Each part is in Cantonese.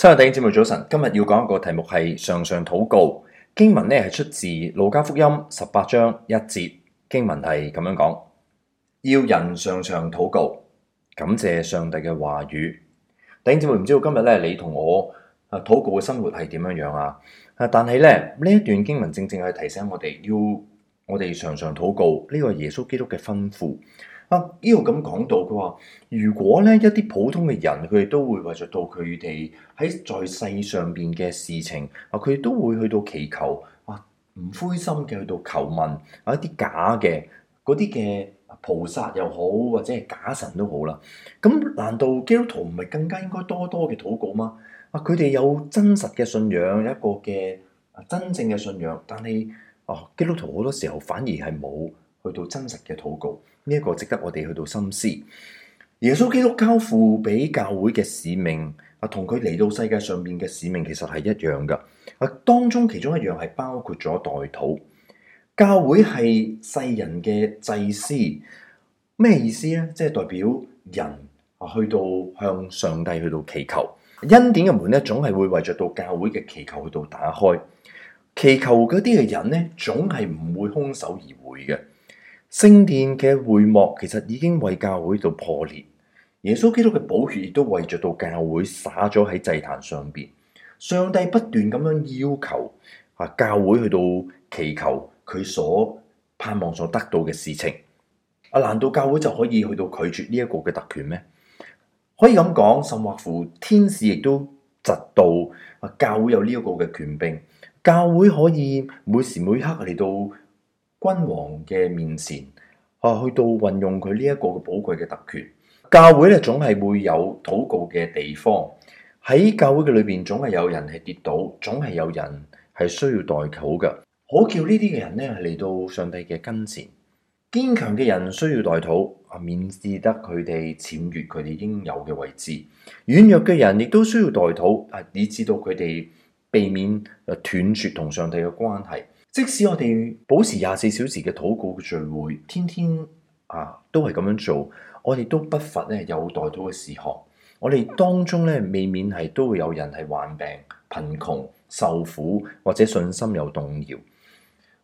親愛弟兄姊妹早晨，今日要講一個題目係常常禱告，經文咧係出自路加福音十八章一節經文係咁樣講，要人常常禱告，感謝上帝嘅話語。弟兄姊妹唔知道今日咧你同我啊禱告嘅生活係點樣樣啊？啊但係咧呢一段經文正正係提醒我哋要我哋常常禱告呢個耶穌基督嘅吩咐。啊！呢度咁講到，佢話：如果咧一啲普通嘅人，佢哋都會為著到佢哋喺在世上邊嘅事情，啊，佢哋都會去到祈求，啊，唔灰心嘅去到求問，啊，一啲假嘅嗰啲嘅菩薩又好，或者係假神都好啦。咁難道基督徒唔係更加應該多多嘅禱告嗎？啊，佢哋有真實嘅信仰，一個嘅啊真正嘅信仰，但係啊、哦、基督徒好多時候反而係冇去到真實嘅禱告。呢一個值得我哋去到深思。耶穌基督交付俾教會嘅使命啊，同佢嚟到世界上面嘅使命其實係一樣噶。啊，當中其中一樣係包括咗代禱。教會係世人嘅祭司，咩意思咧？即係代表人啊，去到向上帝去到祈求。恩典嘅門咧，總係會為著到教會嘅祈求去到打開。祈求嗰啲嘅人咧，總係唔會空手而回嘅。聖殿嘅帷幕其實已經為教會度破裂，耶穌基督嘅寶血亦都為着到教會灑咗喺祭壇上邊。上帝不斷咁樣要求啊，教會去到祈求佢所盼望所得到嘅事情。啊，難道教會就可以去到拒絕呢一個嘅特權咩？可以咁講，甚或乎天使亦都窒到啊，教會有呢一個嘅權柄，教會可以每時每刻嚟到。君王嘅面前，啊，去到運用佢呢一個寶貴嘅特權，教會咧總係會有禱告嘅地方，喺教會嘅裏邊總係有人係跌倒，總係有人係需要代禱噶，可叫呢啲嘅人咧嚟到上帝嘅跟前。堅強嘅人需要代禱，啊，免至得佢哋僭越佢哋應有嘅位置；軟弱嘅人亦都需要代禱，啊，以至到佢哋避免啊斷絕同上帝嘅關係。即使我哋保持廿四小時嘅禱告嘅聚會，天天啊都係咁樣做，我哋都不乏咧有代禱嘅事項。我哋當中咧，未免係都會有人係患病、貧窮、受苦，或者信心有動搖。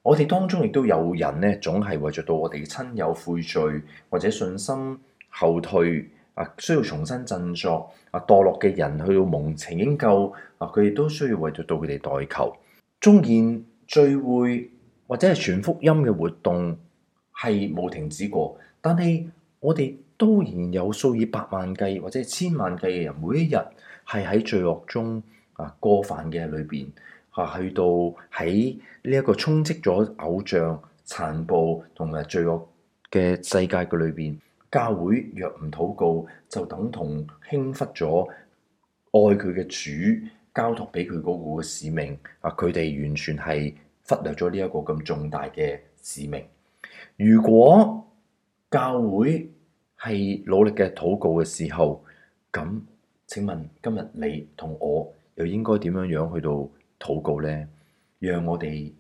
我哋當中亦都有人咧，總係為著到我哋親友悔罪，或者信心後退啊，需要重新振作啊，墮落嘅人去到蒙情恩救啊，佢哋都需要為著到佢哋代求，中見。聚會或者係傳福音嘅活動係冇停止過，但係我哋依然有數以百萬計或者係千萬計嘅人，每一日係喺罪惡中啊過犯嘅裏邊啊，去到喺呢一個充斥咗偶像、殘暴同埋罪惡嘅世界嘅裏邊，教會若唔禱告，就等同輕忽咗愛佢嘅主。.交託俾佢嗰個使命，啊！佢哋完全係忽略咗呢一個咁重大嘅使命。如果教會係努力嘅禱告嘅時候，咁請問今日你同我又應該點樣樣去到禱告呢？讓我哋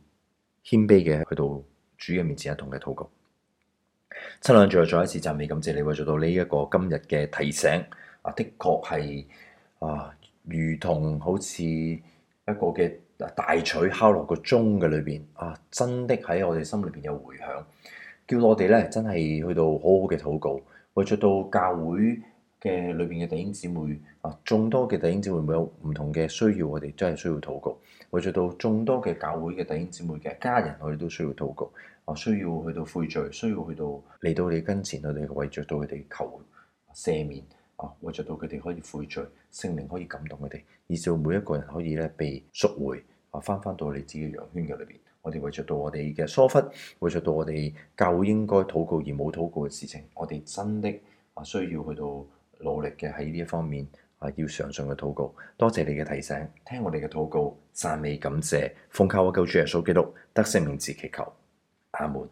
謙卑嘅去到主嘅面前一同嘅禱告。親愛嘅聚友，最後再一次讚美感謝你會做到呢一個今日嘅提醒。確啊，的確係啊。如同好似一個嘅大錘敲落個鐘嘅裏邊啊，真的喺我哋心裏邊有回響，叫我哋咧真係去到好好嘅禱告，為著到教會嘅裏邊嘅弟兄姊妹啊，眾多嘅弟兄姊妹會有唔同嘅需要我，我哋真係需要禱告，為著到眾多嘅教會嘅弟兄姊妹嘅家人，我哋都需要禱告啊，需要去到悔罪，需要去到嚟到你跟前，我哋為著到佢哋求赦免。啊，為著到佢哋可以悔罪，聖靈可以感動佢哋，以致每一個人可以咧被贖回，啊，翻翻到你自己羊圈嘅裏邊。我哋為着到我哋嘅疏忽，為着到我哋教會應該禱告而冇禱告嘅事情，我哋真的啊，需要去到努力嘅喺呢一方面啊，要常常嘅禱告。多謝你嘅提醒，聽我哋嘅禱告，讚美感謝，奉靠我救主耶穌基督，得聖靈字祈求，阿門。